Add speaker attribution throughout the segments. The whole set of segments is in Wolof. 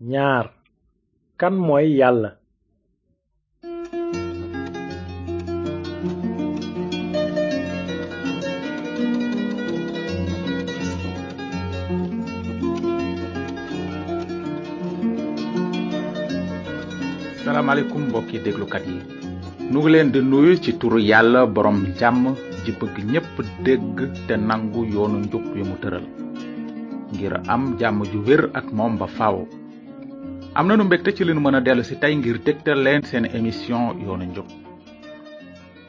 Speaker 1: ñaar kan mooy yàlla salaamaaleykum mbokki déglukat yi nu ngi leen di nuyu ci turu yàlla borom jàmm ji bëgg ñépp dégg te nangu yoonu njub wi mu tëral ngir am jàmm ju wér ak moom ba faw am nanu mbégte ci li nu mën a dellu si tey ngir dégtal leen seen émission yoonu njub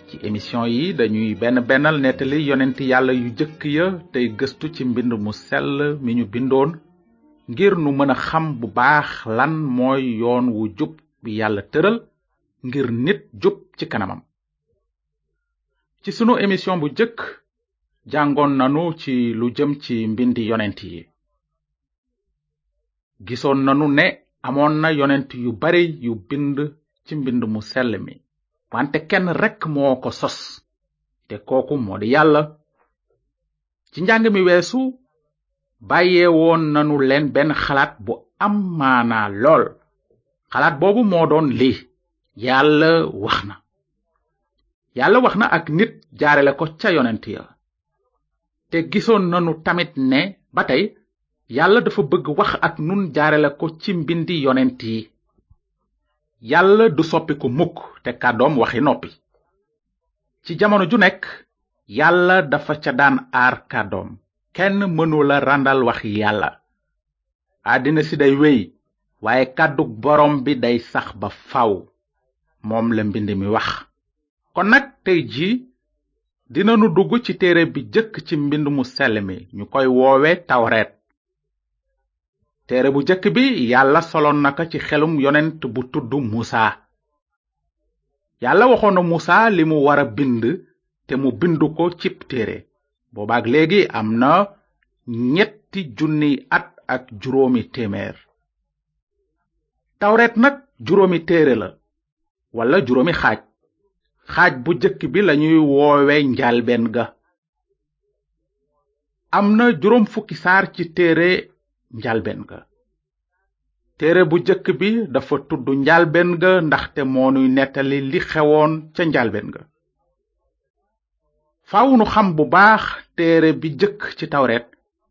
Speaker 1: ci émission yi dañuy benn bennal nettali yonent yàlla yu jëkk ya tey gëstu ci mbind mu sell mi ñu bindoon ngir nu mën a xam bu baax lan mooy yoon wu jub bi yàlla tëral ngir nit jub ci kanamam ci sunu émission bu jëkk jàngoon nanu ci lu jëm ci mbindi yonent yi gisoon nanu ne amoon na yonent yu bare yu bind ci mbind mu sell mi wante kenn rekk moo ko sos te kooku moo di yàlla ci njàng mi weesu bàyyee woon nanu leen benn xalaat bu am maanaa lool xalaat boobu moo doon lii yàlla wax na yàlla wax na ak nit jaarale ko ca yonent ya te gisoon nanu tamit ne ba tey yàlla dafa bëgg wax ak nun jaarale ko ci mbindi yonent yi yàlla du soppi ko mukk te kàddoom waxi noppi ci jamono ju nekk yàlla dafa ca daan aar kàddoom kenn mënula ràndal waxi yàlla àddina si day wéy waaye kàddug borom bi day sax ba faw moom la mbind mi wax kon nag tey jii dinanu dugg ci téere bi jëkk ci mbind mu sell ñu koy woowe tawreet téere bu jëkk bi yàlla soloon ci xelum yonent bu tudd musa yàlla waxoon na musa limu mu wara bind te mu bind ko cib téere boobaak léegi am na ñetti junniy at ak juróomi nag juróomi téere la wala juróomi xaaj xaaj bu jëkk bi lañuy woowe njaalbeen ga am na juróom fukki saar ci téere njalben ga téere bu jëkk bi dafa tudd njalben ga ndaxte moonuy nettali li xewoon ca njalben ga faaw xam bu baax téere bi jëkk ci tawret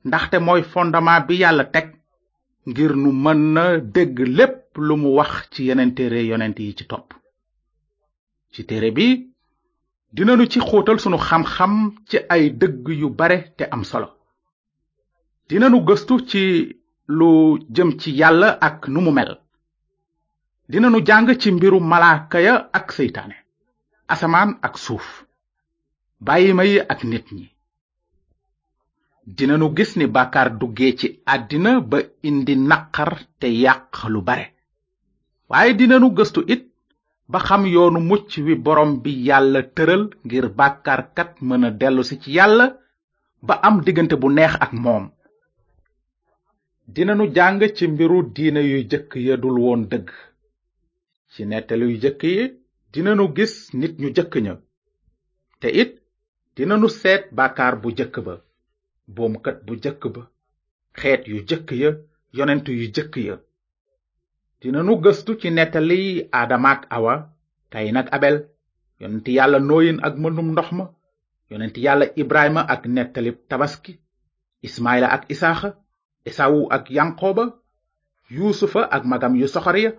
Speaker 1: ndaxte mooy fondement bi yàlla teg ngir nu mën na dëgg lépp lu mu wax ci yeneen téere yonent yi ci topp ci téere bi dinañu ci xóotal sunu xam-xam ci ay dëgg yu bare te am solo dinanu gëstu ci lu jëm ci yàlla ak nu mu mel dina nu jàng ci mbiru malaaka ya ak seytaane asamaan ak suuf bàyyima yi ak nit ñi dinanu gis ni bàkkaar duggee ci àddina ba indi naqar te yàq lu bare waaye dinanu gëstu it ba xam yoonu mucc wi borom bi yàlla tëral ngir bàkkaarkat mën a dellusi ci yàlla ba am diggante bu neex ak moom dinanu jàng ci mbiru diine yu jëkk ya dul woon dëgg ci nettali yu jëkk yi dinanu gis nit ñu jëkk ña te it dinanu seet bàkkaar bu jëkk ba boomkat bu jëkk ba xeet yu jëkk ya yonent yu jëkk ya nu gëstu ci nettali aadamaak awa kayin nag abel yonent yàlla nooyin ak mënum ndox ma yonent yàlla ibrahima ak nettalib tabaski ismaila ak isaaxa esawu ak yanqooba yusufa ak magam yu soxor ya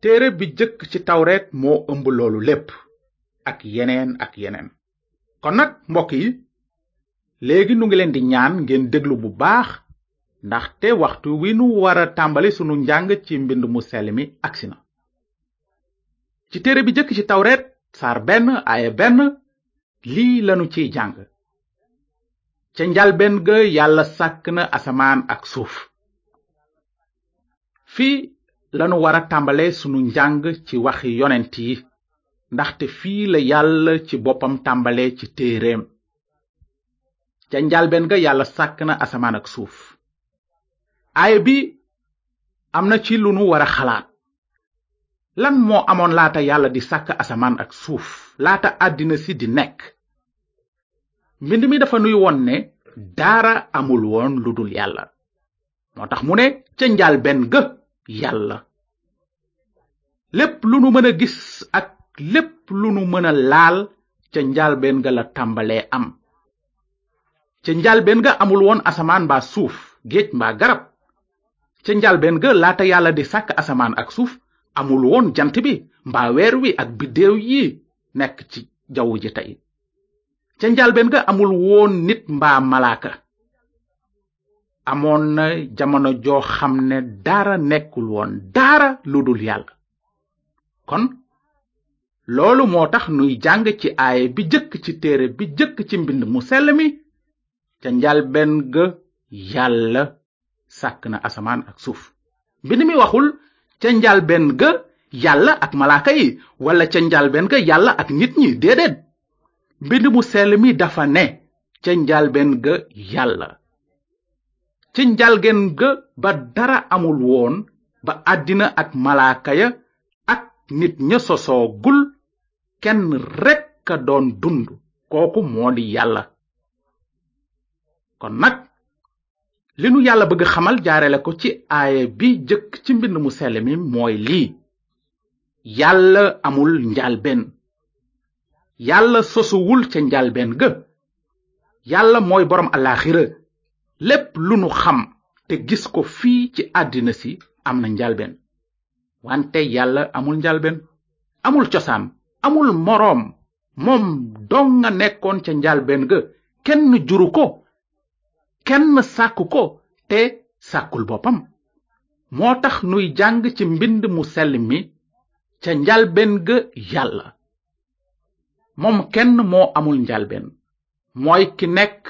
Speaker 1: téere bi jëkk ci tawreet moo ëmb loolu lépp ak yeneen ak yeneen kon nag mbokk yi léegi nu ngi leen di ñaan ngeen déglu bu baax ndax te waxtu wi nu wara tàmbali sunu njàng ci mbind mu sell mi agsi na ci téere bi jëkk ci tawreet saar benn aaye benn lii lanu ciy jàng ca njalben ga yàlla sàkk na asamaan ak suuf fii lanu war a tàmbale sunu njàng ci waxi yonent yi ndaxte fii la yàlla ci boppam tàmbale ci téereem ca njalben ga yàlla sàkk na asamaan ak suuf aaya bi am na ci lu nu war a xalaat lan moo amoon laata yàlla di sàkk asamaan ak suuf laata àddina si di nekk mbind mi dafa nuy won ne dara amul woon lu dul yàlla moo tax mu ne ca njaal ga yàlla lépp lu nu mën a gis ak lépp lu nu mën a laal ca njalbeen benn ga la tàmbalee am ca njalbeen ga amul woon asamaan mbaa suuf géej mbaa garab ca njalbeen ga laata yàlla di sàkk asamaan ak suuf amul woon jant bi mbaa weer wi ak biddéew yi nekk ci jaww ji tey ca njalbeen ga amul woon nit mbaa malaaka amoon na jamono joo xam ne dara nekkul woon dara lu dul yàlla kon loolu moo tax nuy jàng ci aaye bi jëkk ci téere bi jëkk ci mbind mu sell mi ca njalbeen ga yàlla sàkk na asamaan ak suuf mbind mi waxul ca njalbeen ga yàlla ak malaaka yi wala ca njalbeen ga yàlla ak nit ñi déedéet mbind mu sell mi dafa ne ca njalbeen ga yàlla ca njalbeen ga ba dara amul woon ba àddina ak malaaka ya ak nit ña sosoogul kenn rekk a doon dund kooku moo di yàlla kon nag li nu yàlla bëgg xamal jaarale ko ci aaya bi jëkk ci mbind mu sell mooy lii yàlla amul njalbeen yàlla sosuwul ca njalbeen ga yàlla mooy boroom alaxira lépp lu nu xam te gis ko fii ci àddina si am na njalben wante yàlla amul njalben amul cosaan amul moroom moom dong nga nekkoon ca njalbeen ga kenn juru ko kenn sàkku ko te sàkkul boppam moo tax nuy jàng ci mbind mu sell mi ca njalben ga yàlla moom kenn moo amul njalbeen mooy ki nekk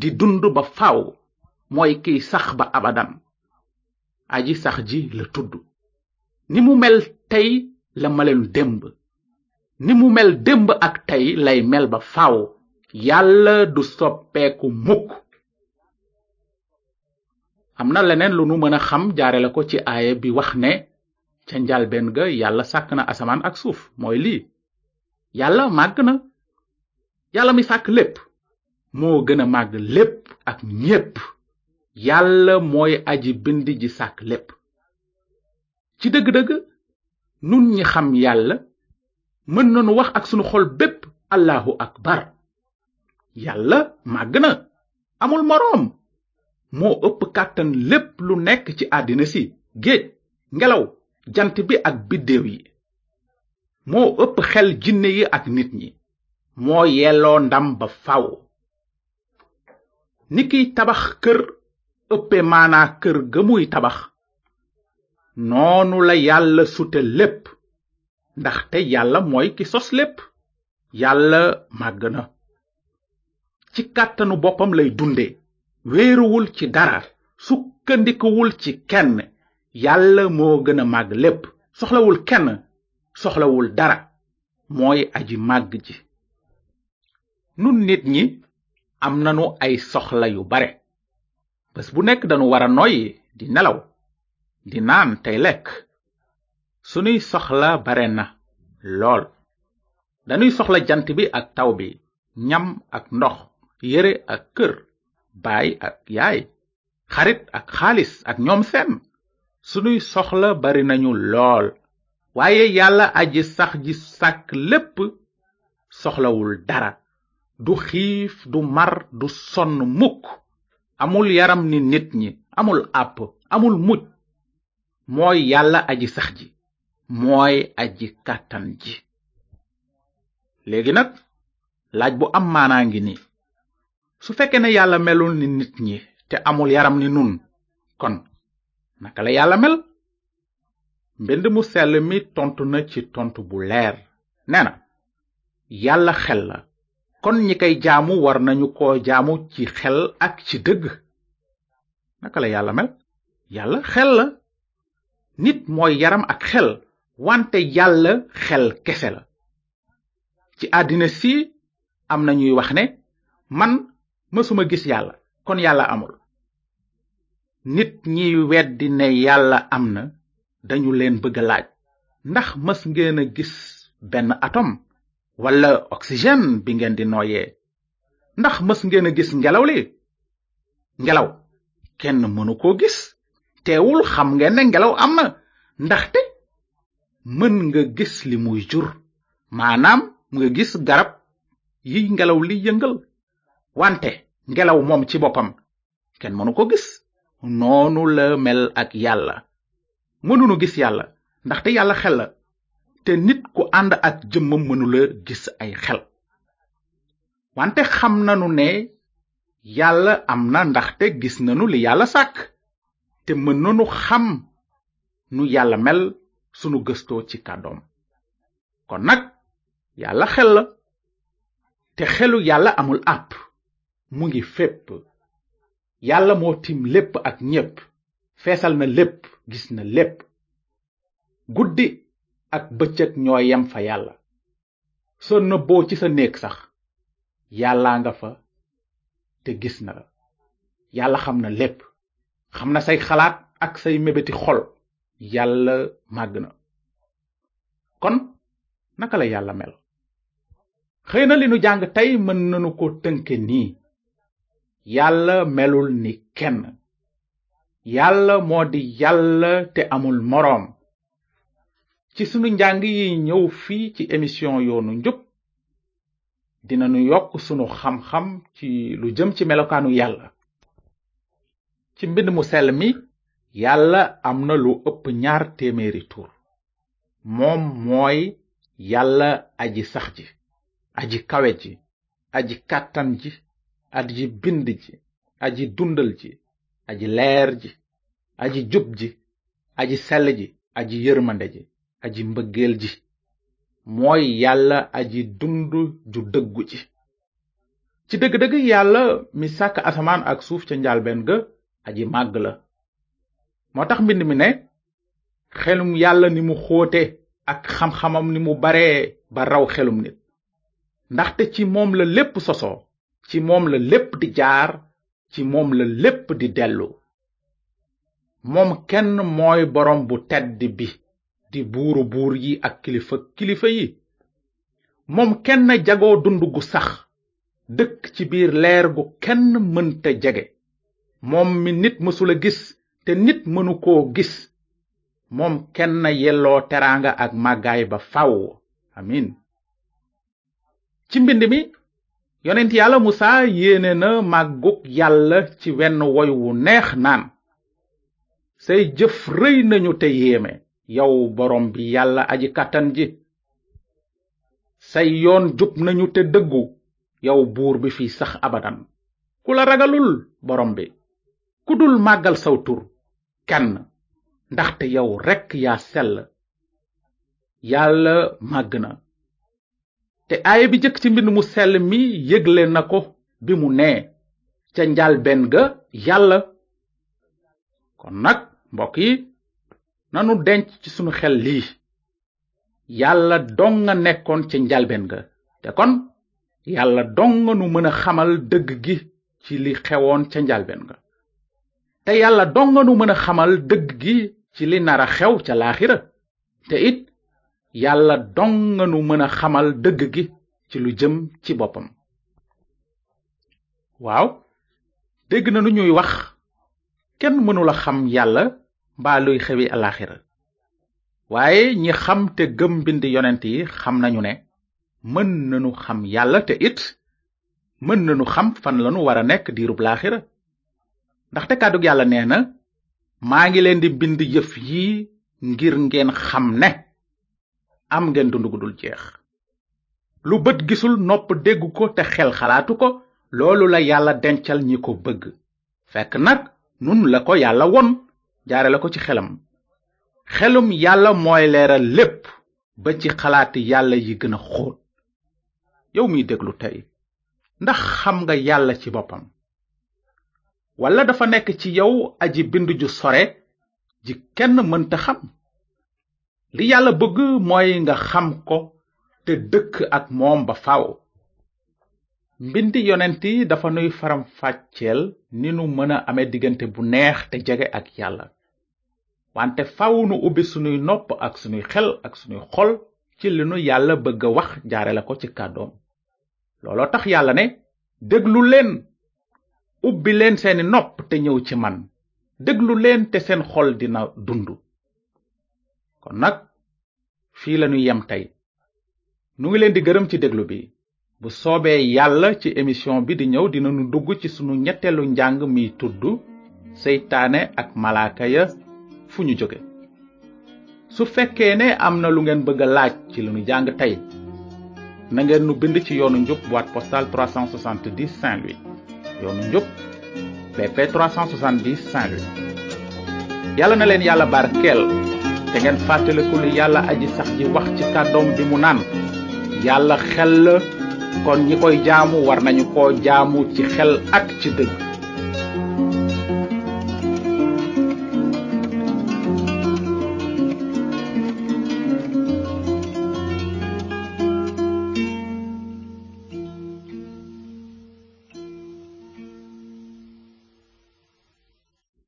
Speaker 1: di dund ba faw mooy kiy sax ba abadan aji sax ji la tudd ni mu mel tey la meloon démb ni mu mel dëmb ak tey lay mel ba faw yàlla du soppeeku mukk am na leneen lu nu mën a xam jaare la ko ci aaya bi wax ne ca njalbeen ga yàlla sàkk na asamaan ak suuf mooy lii yàlla màgg na yàlla mi sàkk lépp moo gën a màgg lépp ak ñépp yàlla mooy aji bind ji sàkk lépp ci dëgg-dëgg nun ñi xam yàlla mën nanu wax ak sunu xol bépp allahu akbar yàlla màgg na amul moroom moo ëpp kàttan lépp lu nekk ci àddina si géej ngelaw jant bi ak biddéew yi moo ëpp xel jinne yi ak nit ñi moo yelloo ndam ba faw ni kiy tabax kër ëppe maanaa kër ga tabax noonu la yàlla sute lépp ndaxte yàlla mooy ki sos lépp yàlla màgg na ci kàttanu boppam lay dunde wéeruwul ci dara sukkandikuwul ci kenn yàlla moo gën a màgg lépp soxlawul kenn soxlawul dara mooy aji màgg ji nu nit ñi am nanu ay soxla yu bare bés bu nekk danu wara noyyi di nelaw di naan tey lekk sunuy soxla bare na lool danuy soxla jant bi ak taw bi ñam ak ndox yére ak kër baay ak yaay xarit ak xaalis ak ñoom seen sunuy soxla bari nañu lool waaye yàlla aji sax ji sàkk lépp soxlawul dara du xiif du mar du sonn muk amul yaram ni nit ñi amul àpp amul muj mooy yàlla aji sax ji mooy aji kàttan ji léegi nag laaj bu am maanaa ngi ni su fekkee ne yàlla melul ni nit ñi te amul yaram ni nun kon naka la yàlla mel mbind mu sell mi tontu na ci tontu bu leer nee yàlla xel la kon ñi koy jaamu war nañu ko jaamu ci xel ak ci dëgg naka la yàlla mel yàlla xel la nit mooy yaram ak xel wante yàlla xel kese la ci àddina si am na ñuy wax ne man mësuma gis yàlla kon yàlla amul nit ñi weddi ne yàlla am na dañu leen bëgg laaj ndax mës ngeen a gis benn atom walla oxygène bi ngeen di nooyee ndax mës ngeen a gis ngelaw li ngelaw kenn mënu koo gis teewul xam ngeen ne ngelaw am na ndaxte mën nga gis li muy jur maanaam nga gis garab yi ngelaw li yëngal wante ngelaw moom ci boppam kenn mënu ko gis noonu la mel ak yàlla mënunu gis yàlla ndaxte yàlla xel la te nit ku ànd ak jëmmam mënula gis ay xel wante xam nanu ne yàlla am na ndaxte gis nanu li yàlla sàkk te mën nanu xam nu yàlla mel sunu gëstoo ci kàddoom kon nag yàlla xel la te xelu yàlla amul àpp mu ngi fépp yàlla moo tiim lépp ak ñépp feesal na lépp gis na lépp guddi ak bëccëg ñoo yem fa yàlla soo nëbboo ci sa néeg sax yàlla nga fa te gis na la yàlla xam na lépp xam na say xalaat ak say mébéti xol yàlla màgg na kon naka la yàlla mel xëy na li nu jàng tey mën nanu ko tënke nii yàlla melul ni kenn yàlla moo di yàlla te amul moroom ci sunu njàng yi ñëw fii ci émission yoonu njub ñu yokk sunu xam-xam ci lu jëm ci melokaanu yàlla ci mbind mu sel mi yàlla am na lu ëpp ñaar téeméeri tur moom mooy yàlla aji sax ji aji kawe ji aji kàttan ci aji bind ji aji dundal ji aji leer aji jub ji aji selji ji aji yërmande aji mbëggeel ji mooy yàlla aji dund ju dëggu ji ci dëgg-dëgg yàlla mi sàkk asamaan ak suuf ca njaalbeen ga aji màgg la moo tax mbind mi ne xelum yàlla ni mu xoote ak xam-xamam ni mu baree ba raw xelum nit ndaxte ci moom la lépp sosoo ci moom la lépp di jaar ci moom la lépp di dellu moom kenn mooy boroom bu tedd bi di buuru buur yi ak kilifa kilifa yi moom kenn jagoo dund gu sax dëkk ci biir leer gu kenn mënta jege moom mi nit mësula gis te nit mënu koo gis moom kenn yelloo teraanga ak màggaay ba faw amin ci mbind mi yonent yàlla musa yéene na màggug yàlla ci wenn woy wu neex naan say jëf rëy nañu te yéeme yow borom bi yàlla aji kàttan ji say yoon jub nañu te dëggu yow buur bi fi sax abadan ku la ragalul borom bi ku dul màggal saw tur kenn ndaxte yow rekk yaa sell yàlla màgg na te aaya bi jëkk ci mbind mu sell mi yëgle na ko bi mu nee ca njalben ga yàlla kon nag mbokk yi nanu denc ci sunu xel lii yàlla dong nga nekkoon ca njalben ga te kon yàlla dong nga nu mën a xamal dëgg gi ci li xewoon ca njalben ga te yàlla dong nga nu mën a xamal dëgg gi ci li nar a xew ca laaxira te it yàlla dong nu mën a xamal dëgg gi ci lu jëm ci boppam waaw dégg na nu ñuy wax kenn mënula xam yàlla mbaa luy xewi alaxira waaye ñi xam te gëm mbind yonent yi xam nañu ne mën nañu xam yàlla te it mën nañu xam fan lanu war a nekk diirub laaxira ndaxte kàddug yàlla nee na maa ngi leen di bind yëf yi ngir ngeen xam ne am ngeen dund gu dul jeex lu bët gisul nopp dégg ko te xel xalaatu ko loolu la yàlla dencal ñi ko bëgg fekk nag nun la ko yàlla woon jaare la ko ci xelam xelum yàlla mooy leeral lépp ba ci xalaati yàlla yi gën a xóot yow miy déglu tey ndax xam nga yàlla ci boppam walla dafa nekk ci yow aji bind ju sore ji kenn mënta xam li yàlla bëgg mooy nga xam ko te dëkk ak moom ba faaw mbindi yonent yi dafa nuy faram fàcceel ni nu mën a amee diggante bu neex te jege ak yàlla wante faaw nu ubbi sunuy nopp ak sunuy xel ak sunuy xol ci li nu yàlla bëgg a wax jaare la ko ci kàddoom looloo tax yàlla ne déglu leen ubbi leen seeni nopp te ñëw ci man déglu leen te seen xol dina dund kon nag fii lañu yem tey nu ngi leen di gërëm ci déglu bi bu soobee yàlla ci émission bi di ñëw dinañu dugg ci sunu ñetteelu njàng mi tudd seytaane ak malaaka ya fu ñu jóge su fekkee ne am na lu ngeen bëgg laaj ci li nu jàng tey na ngeen nu bind ci yoonu njub boîte postale 370 Saint-Louis yoonu njub BP 370 Saint-Louis yàlla na leen yàlla barkeel te ngeen fàttaliku lu yàlla aji sax ji wax ci kàddoom bi mu naan yàlla xel la kon ñi koy jaamu war nañu ko jaamu ci xel ak ci dëgg